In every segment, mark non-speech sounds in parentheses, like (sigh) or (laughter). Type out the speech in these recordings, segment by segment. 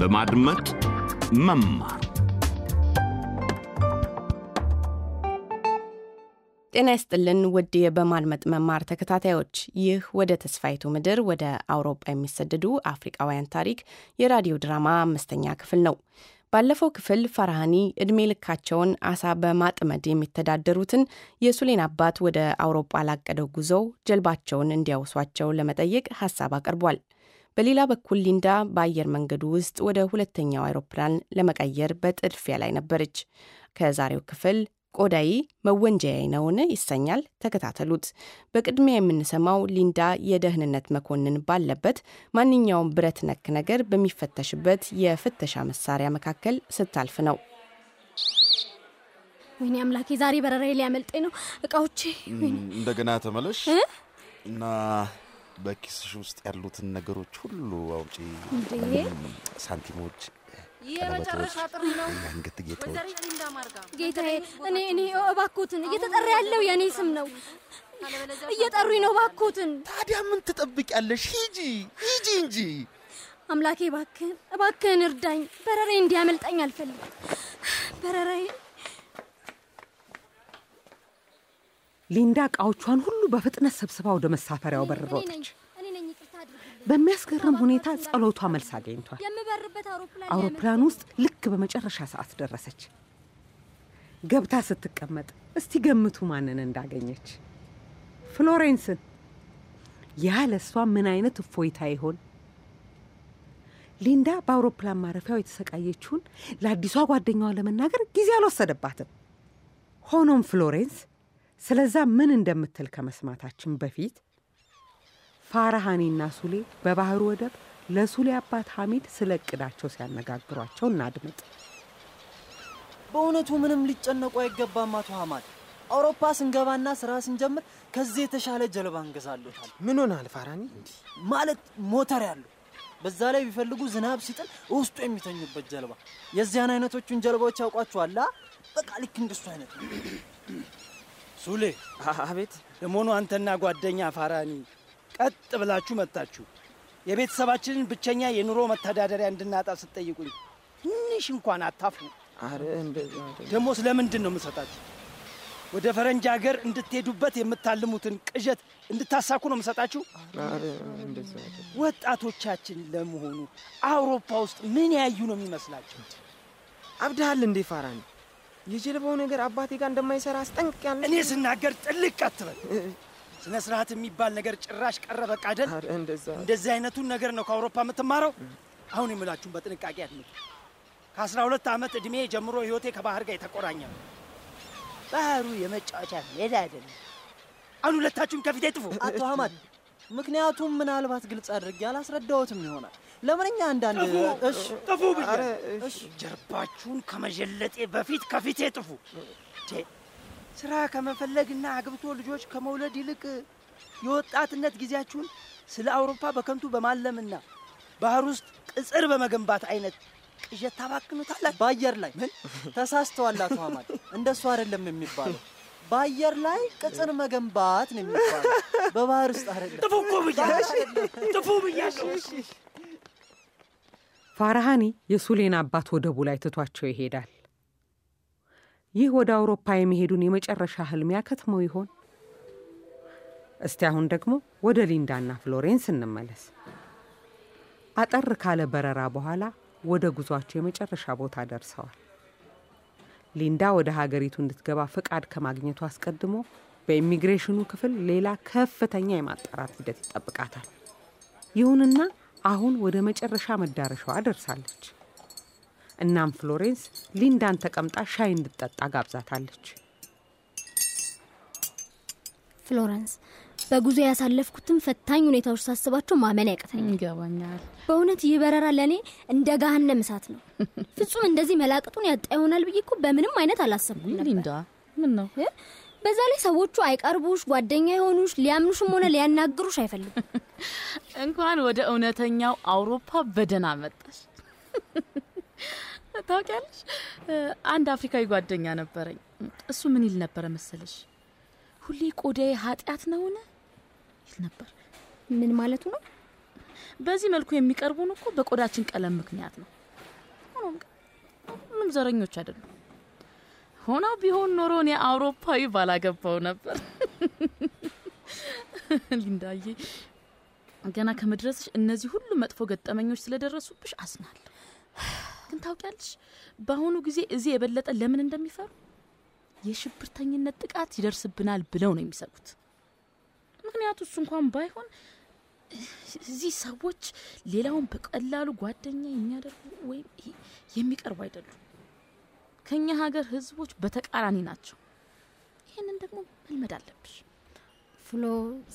በማድመጥ መማር ጤና ይስጥልን ውድ በማድመጥ መማር ተከታታዮች፣ ይህ ወደ ተስፋይቱ ምድር ወደ አውሮፓ የሚሰደዱ አፍሪቃውያን ታሪክ የራዲዮ ድራማ አምስተኛ ክፍል ነው። ባለፈው ክፍል ፈርሃኒ እድሜ ልካቸውን አሳ በማጥመድ የሚተዳደሩትን የሱሌን አባት ወደ አውሮፓ ላቀደው ጉዞው ጀልባቸውን እንዲያውሷቸው ለመጠየቅ ሀሳብ አቅርቧል። በሌላ በኩል ሊንዳ በአየር መንገዱ ውስጥ ወደ ሁለተኛው አውሮፕላን ለመቀየር በጥድፊያ ላይ ነበረች። ከዛሬው ክፍል ቆዳይ መወንጀያዬ ነውን ይሰኛል። ተከታተሉት። በቅድሚያ የምንሰማው ሊንዳ የደህንነት መኮንን ባለበት ማንኛውም ብረት ነክ ነገር በሚፈተሽበት የፍተሻ መሳሪያ መካከል ስታልፍ ነው። ወይኔ አምላኬ፣ ዛሬ በረራዬ ሊያመልጠኝ ነው። እቃዎቼ እንደገና ተመለሽ እና በኪስሽ ውስጥ ያሉትን ነገሮች ሁሉ አውጪ። ሳንቲሞች፣ ቀለበቶች፣ የአንገት ጌጦች። ጌታዬ፣ እኔ እኔ እባክዎትን፣ እየተጠራ ያለው የእኔ ስም ነው። እየጠሩኝ ነው፣ እባክዎትን። ታዲያ ምን ትጠብቂያለሽ? ሂጂ ሂጂ እንጂ። አምላኬ፣ እባክህን እባክህን እርዳኝ። በረራዬ እንዲያመልጠኝ አልፈልግም። በረራዬ ሊንዳ እቃዎቿን ሁሉ በፍጥነት ሰብስባ ወደ መሳፈሪያው በር ሮጠች። በሚያስገርም ሁኔታ ጸሎቷ መልስ አገኝቷል። አውሮፕላን ውስጥ ልክ በመጨረሻ ሰዓት ደረሰች። ገብታ ስትቀመጥ እስቲ ገምቱ ማንን እንዳገኘች? ፍሎሬንስን። ያ ለእሷ ምን አይነት እፎይታ ይሆን? ሊንዳ በአውሮፕላን ማረፊያው የተሰቃየችውን ለአዲሷ ጓደኛዋ ለመናገር ጊዜ አልወሰደባትም። ሆኖም ፍሎሬንስ ስለዛ ምን እንደምትል ከመስማታችን በፊት ፋርሃኔና ሱሌ በባህር ወደብ ለሱሌ አባት ሐሚድ ስለ እቅዳቸው ሲያነጋግሯቸው እናድምጥ። በእውነቱ ምንም ሊጨነቁ አይገባም አቶ ሐማድ። አውሮፓ ስንገባና ስራ ስንጀምር ከዚህ የተሻለ ጀልባ እንገዛለታል። ምን ሆናል ፋራኒ? ማለት ሞተር ያለው በዛ ላይ ቢፈልጉ ዝናብ ሲጥል ውስጡ የሚተኙበት ጀልባ። የዚያን አይነቶቹን ጀልባዎች ያውቋችኋላ? በቃ ልክ እንደሱ አይነት ነው። ሱሌ አቤት። ለመሆኑ አንተና ጓደኛ ፋራኒ ቀጥ ብላችሁ መጣችሁ። የቤተሰባችንን ብቸኛ የኑሮ መተዳደሪያ እንድናጣ ስትጠይቁኝ ትንሽ እንኳን አታፍሩ። ደግሞ ስለምንድን ነው የምሰጣችሁ? ወደ ፈረንጅ ሀገር እንድትሄዱበት የምታልሙትን ቅዠት እንድታሳኩ ነው የምሰጣችሁ። ወጣቶቻችን ለመሆኑ አውሮፓ ውስጥ ምን ያዩ ነው የሚመስላቸው? አብድሃል እንዴ ፋራኒ? የጀልባው ነገር አባቴ ጋር እንደማይሰራ አስጠንቅ ያለ እኔ ስናገር ጥልቅ አትበል። ስነ ስርዓት የሚባል ነገር ጭራሽ ቀረ። በቃ እንደዚህ አይነቱን ነገር ነው ከአውሮፓ የምትማረው። አሁን የምላችሁን በጥንቃቄ አድምጡ። ከአስራ ሁለት ዓመት እድሜ ጀምሮ ህይወቴ ከባህር ጋር የተቆራኘ ነው። ባህሩ የመጫወቻ ሜዳ አይደለም። አሁን ሁለታችሁም ከፊቴ ጥፉ። አቶ ሀማድ ምክንያቱም ምናልባት ግልጽ አድርጌ አላስረዳዎትም ይሆናል ለምንኛ አንዳንድ እሺ፣ ጥፉ እሺ ጀርባችሁን ከመጀለጤ በፊት ከፊቴ ጥፉ። ስራ ከመፈለግና አግብቶ ልጆች ከመውለድ ይልቅ የወጣትነት ጊዜያችሁን ስለ አውሮፓ በከንቱ በማለምና ባህር ውስጥ ቅጽር በመገንባት አይነት ቅዠት ታባክኑታላችሁ። በአየር ላይ ምን ተሳስተዋል አቶ ሀማድ፣ እንደሱ አይደለም የሚባለው። በአየር ላይ ቅጽር መገንባት ነው የሚባለው፣ በባህር ውስጥ አይደለም። ጥፉ እኮ ብያሽ፣ ጥፉ ብያሽ። ፋርሃኒ የሱሌን አባት ወደቡ ላይ ትቷቸው ይሄዳል። ይህ ወደ አውሮፓ የሚሄዱን የመጨረሻ ህልም ያከትመው ይሆን? እስቲ አሁን ደግሞ ወደ ሊንዳና ፍሎሬንስ እንመለስ። አጠር ካለ በረራ በኋላ ወደ ጉዟቸው የመጨረሻ ቦታ ደርሰዋል። ሊንዳ ወደ ሀገሪቱ እንድትገባ ፈቃድ ከማግኘቱ አስቀድሞ በኢሚግሬሽኑ ክፍል ሌላ ከፍተኛ የማጣራት ሂደት ይጠብቃታል። ይሁንና አሁን ወደ መጨረሻ መዳረሻዋ ደርሳለች። እናም ፍሎሬንስ ሊንዳን ተቀምጣ ሻይ እንድጠጣ ጋብዛታለች። ፍሎረንስ፣ በጉዞ ያሳለፍኩትን ፈታኝ ሁኔታዎች ሳስባቸው ማመን ያቅተኛል። ይገባኛል። በእውነት ይህ በረራ ለእኔ እንደ ገሃነም እሳት ነው። ፍጹም እንደዚህ መላቅጡን ያጣ ይሆናል ብዬ እኮ በምንም አይነት አላሰብኩም ነበር። ሊንዳ፣ ምን ነው በዛ ላይ ሰዎቹ አይቀርቡሽ፣ ጓደኛ የሆኑሽ ሊያምኑሽም ሆነ ሊያናግሩሽ አይፈልጉም። (laughs) እንኳን ወደ እውነተኛው አውሮፓ በደህና መጣሽ። (laughs) ታውቂያለሽ፣ አንድ አፍሪካዊ ጓደኛ ነበረኝ። እሱ ምን ይል ነበረ መሰለሽ? ሁሌ ቆዳዬ ኃጢአት ነውን ይል ነበር። ምን ማለቱ ነው? በዚህ መልኩ የሚቀርቡን እኮ በቆዳችን ቀለም ምክንያት ነው። ምንም ዘረኞች አይደሉም። ሆና ቢሆን ኖሮ እኔ አውሮፓዊ ባላገባው ነበር። (laughs) ሊንዳዬ ገና ከመድረስሽ እነዚህ ሁሉ መጥፎ ገጠመኞች ስለደረሱብሽ አዝናለሁ። ግን ታውቂያለሽ በአሁኑ ጊዜ እዚህ የበለጠ ለምን እንደሚፈሩ የሽብርተኝነት ጥቃት ይደርስብናል ብለው ነው የሚሰጉት። ምክንያቱ እሱ እንኳን ባይሆን እዚህ ሰዎች ሌላውን በቀላሉ ጓደኛ የሚያደርጉ ወይም የሚቀርቡ አይደሉም። ከኛ ሀገር ህዝቦች በተቃራኒ ናቸው። ይህንን ደግሞ መልመድ አለብሽ። ፍሎ፣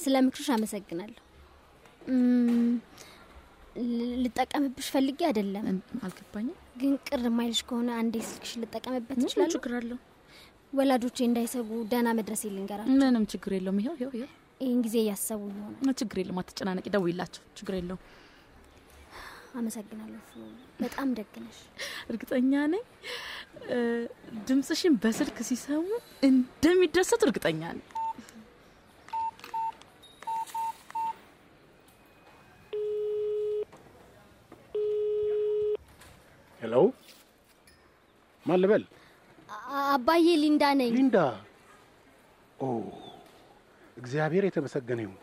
ስለ ምክርሽ አመሰግናለሁ። ልጠቀምብሽ ፈልጌ አይደለም። አልገባኝም። ግን ቅር ማይልሽ ከሆነ አንዴ ስልክሽ ልጠቀምበት ይችላል። ችግር አለሁ። ወላጆቼ እንዳይሰጉ ደህና መድረስ ልንገራቸው። ምንም ችግር የለውም። ይኸው ይኸው ይኸው ይህን ጊዜ እያሰቡ ይሆነ። ችግር የለውም። አትጨናነቂ። ደውይላቸው። ችግር የለውም። አመሰግናለሁ። በጣም ደግነሽ። እርግጠኛ ነኝ ድምፅሽን በስልክ ሲሰሙ እንደሚደሰት እርግጠኛ ነኝ። ሄሎ፣ ማን ልበል? አባዬ ሊንዳ ነኝ። ሊንዳ፣ ኦ እግዚአብሔር የተመሰገነ ይሁን።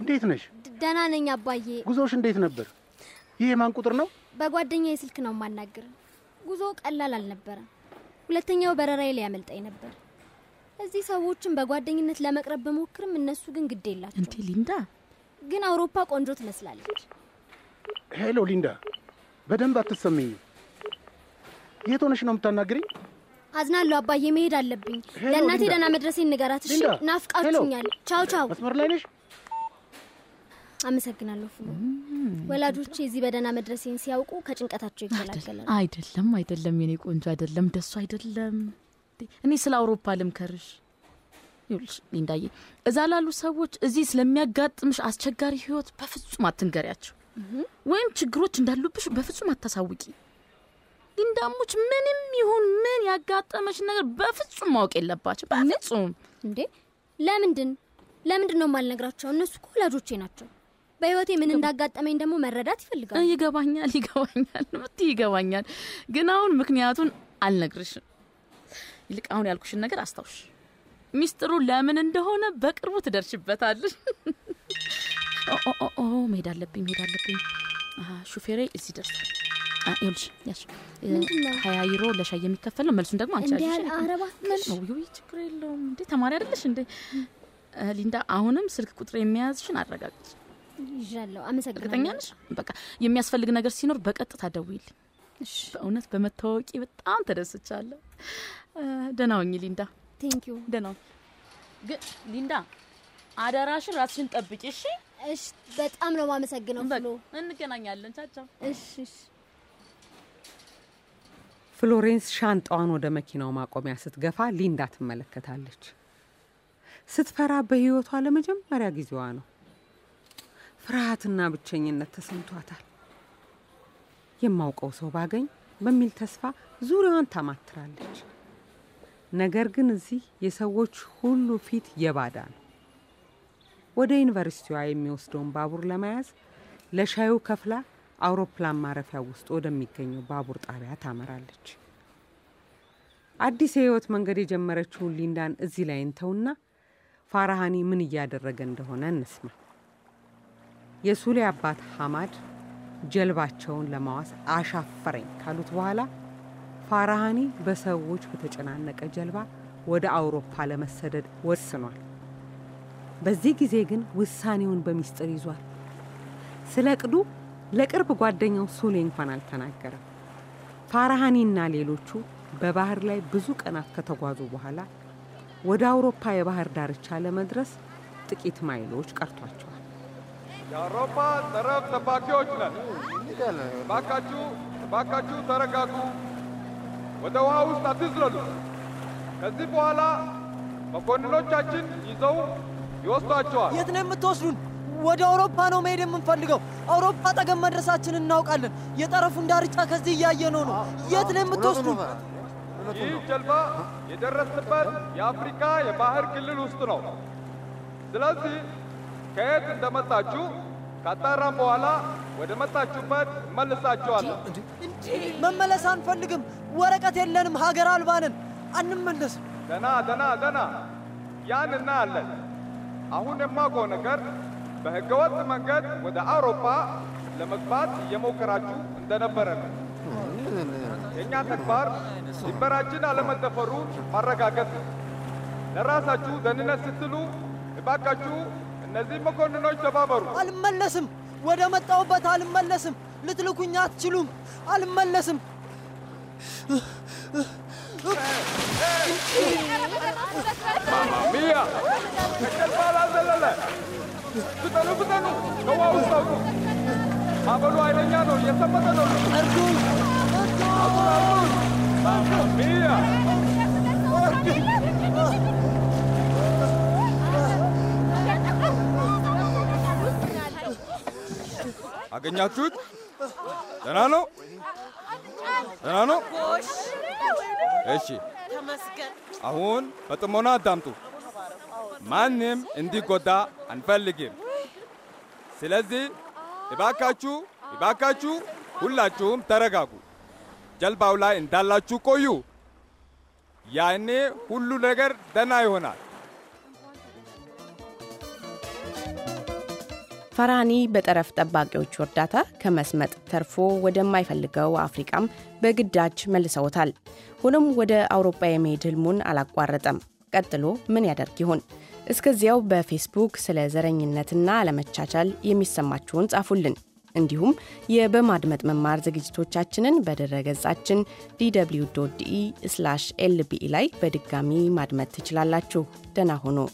እንዴት ነሽ? ደህና ነኝ አባዬ። ጉዞሽ እንዴት ነበር? ይህ የማን ቁጥር ነው? በጓደኛ የስልክ ነው የማናግር። ጉዞ ቀላል አልነበረም። ሁለተኛው በረራዬ ሊያመልጠኝ ነበር። እዚህ ሰዎችን በጓደኝነት ለመቅረብ በሞክርም እነሱ ግን ግድ የላቸው። እንቴ ሊንዳ ግን አውሮፓ ቆንጆ ትመስላለች። ሄሎ ሊንዳ፣ በደንብ አትሰሚኝ። የት ሆነሽ ነው የምታናግርኝ አዝናለሁ አባዬ፣ መሄድ አለብኝ። ለእናቴ ደና መድረሴን ንገራት እሺ። ናፍቃችሁኛል። ቻው ቻው። መስመር ላይ ነሽ? አመሰግናለሁ ፍሎ። ወላጆች እዚህ በደህና መድረሴን ሲያውቁ ከጭንቀታቸው ይገላገላል። አይደለም አይደለም፣ የኔ ቆንጆ አይደለም፣ ደሱ አይደለም። እኔ ስለ አውሮፓ ልምከርሽ ይኸውልሽ ሊንዳዬ፣ እዛ ላሉ ሰዎች እዚህ ስለሚያጋጥምሽ አስቸጋሪ ህይወት በፍጹም አትንገሪያቸው፣ ወይም ችግሮች እንዳሉብሽ በፍጹም አታሳውቂ። ሊንዳሞች ምንም ይሁን ምን ያጋጠመች ነገር በፍጹም ማወቅ የለባቸው። በፍጹም እንዴ! ለምንድን ለምንድን ነው የማልነግራቸው? እነሱ እኮ ወላጆቼ ናቸው። በህይወቴ ምን እንዳጋጠመኝ ደግሞ መረዳት ይፈልጋል። ይገባኛል፣ ይገባኛል ምት ይገባኛል። ግን አሁን ምክንያቱን አልነግርሽም። ይልቅ አሁን ያልኩሽን ነገር አስታውሽ። ሚስጥሩ ለምን እንደሆነ በቅርቡ ትደርሽበታለሽ። መሄድ አለብኝ፣ መሄድ አለብኝ። ሹፌሬ እዚህ ደርሷል። ይኸውልሽ ያሽ ሀያ ዩሮ ለሻይ የሚከፈል ነው። መልሱን ደግሞ አንቺ ችግር የለውም እንዴ ተማሪ አይደለሽ እንዴ ሊንዳ? አሁንም ስልክ ቁጥር የሚያዝሽን አረጋግጭ። ይዣለሁ። አመሰግናለሁ። እርግጠኛ ነሽ? በቃ የሚያስፈልግ ነገር ሲኖር በቀጥታ ደውይልኝ። በእውነት በመታወቂ በጣም ተደስቻለሁ። ደህና ሁኝ ሊንዳ። ቴንክ ዩ። ደህና ግን ሊንዳ አደራሽን ራስሽን ጠብቂ እሺ። እሺ፣ በጣም ነው የማመሰግነው ፍሎ። እንገናኛለን። ቻቻው። እሺ፣ እሺ። ፍሎሬንስ ሻንጣዋን ወደ መኪናው ማቆሚያ ስትገፋ ሊንዳ ትመለከታለች። ስትፈራ በህይወቷ ለመጀመሪያ ጊዜዋ ነው። ፍርሃትና ብቸኝነት ተሰምቷታል። የማውቀው ሰው ባገኝ በሚል ተስፋ ዙሪያዋን ታማትራለች። ነገር ግን እዚህ የሰዎች ሁሉ ፊት የባዳ ነው። ወደ ዩኒቨርሲቲዋ የሚወስደውን ባቡር ለመያዝ ለሻዩ ከፍላ አውሮፕላን ማረፊያ ውስጥ ወደሚገኘው ባቡር ጣቢያ ታመራለች። አዲስ የህይወት መንገድ የጀመረችውን ሊንዳን እዚህ ላይ እንተውና ፋራሃኒ ምን እያደረገ እንደሆነ እንስማ። የሱሌ አባት ሐማድ ጀልባቸውን ለማዋስ አሻፈረኝ ካሉት በኋላ ፋራሃኒ በሰዎች በተጨናነቀ ጀልባ ወደ አውሮፓ ለመሰደድ ወስኗል። በዚህ ጊዜ ግን ውሳኔውን በሚስጥር ይዟል። ስለ ቅዱ ለቅርብ ጓደኛው ሱሌ እንኳን አልተናገረም። ፋራሃኒና ሌሎቹ በባህር ላይ ብዙ ቀናት ከተጓዙ በኋላ ወደ አውሮፓ የባህር ዳርቻ ለመድረስ ጥቂት ማይሎች ቀርቷቸው የአውሮፓ ጠረፍ ጠባቂዎች ነን። እባካችሁ እባካችሁ ተረጋጉ፣ ወደ ውሃ ውስጥ አትዝለሉ። ከዚህ በኋላ መኮንኖቻችን ይዘው ይወስዷቸዋል። የት ነው የምትወስዱን? ወደ አውሮፓ ነው መሄድ የምንፈልገው። አውሮፓ ጠገብ መድረሳችን እናውቃለን። የጠረፉን ዳርቻ ከዚህ እያየነው ነው። የት ነው የምትወስዱን? ይህ ጀልባ የደረስንበት የአፍሪካ የባህር ክልል ውስጥ ነው። ስለዚህ ከየት እንደመጣችሁ ካጣራም በኋላ ወደ መጣችሁበት መልሳችኋለሁ። መመለስ አንፈልግም። ወረቀት የለንም። ሀገር አልባንን ነን። አንመለስም። ደና ደና ደና ያን እናያለን። አሁን የማውቀው ነገር በህገወጥ መንገድ ወደ አውሮፓ ለመግባት እየሞከራችሁ እንደነበረ ነው። የእኛ ተግባር ድንበራችን አለመደፈሩ ማረጋገጥ ነው። ለራሳችሁ ደህንነት ስትሉ እባካችሁ እነዚህ መኮንኖች ተባበሩ። አልመለስም። ወደ መጣሁበት አልመለስም። ልትልኩኝ አትችሉም። አልመለስም። ማማሚያ ከቀልባ ፍጠኑ፣ ፍጠኑ! ከዋ ውስጥ አውጡ። ማበሉ ኃይለኛ ነው፣ እየሰመጠ ነው። እርዱ! ማማሚያ አገኛችሁት? ደህና ነው፣ ደህና ነው። እሺ፣ አሁን በጥሞና አዳምጡ። ማንም እንዲጎዳ አንፈልግም። ስለዚህ እባካችሁ እባካችሁ ሁላችሁም ተረጋጉ። ጀልባው ላይ እንዳላችሁ ቆዩ። ያኔ ሁሉ ነገር ደህና ይሆናል። ፈራኒ በጠረፍ ጠባቂዎቹ እርዳታ ከመስመጥ ተርፎ ወደማይፈልገው አፍሪቃም በግዳጅ መልሰውታል። ሆኖም ወደ አውሮፓ የመሄድ ህልሙን አላቋረጠም። ቀጥሎ ምን ያደርግ ይሆን? እስከዚያው በፌስቡክ ስለ ዘረኝነትና አለመቻቻል የሚሰማችሁን ጻፉልን። እንዲሁም የበማድመጥ መማር ዝግጅቶቻችንን በድረገጻችን ዲw ዶት ስላሽ ኤልቢኢ ላይ በድጋሚ ማድመጥ ትችላላችሁ። ደህና ሆኖ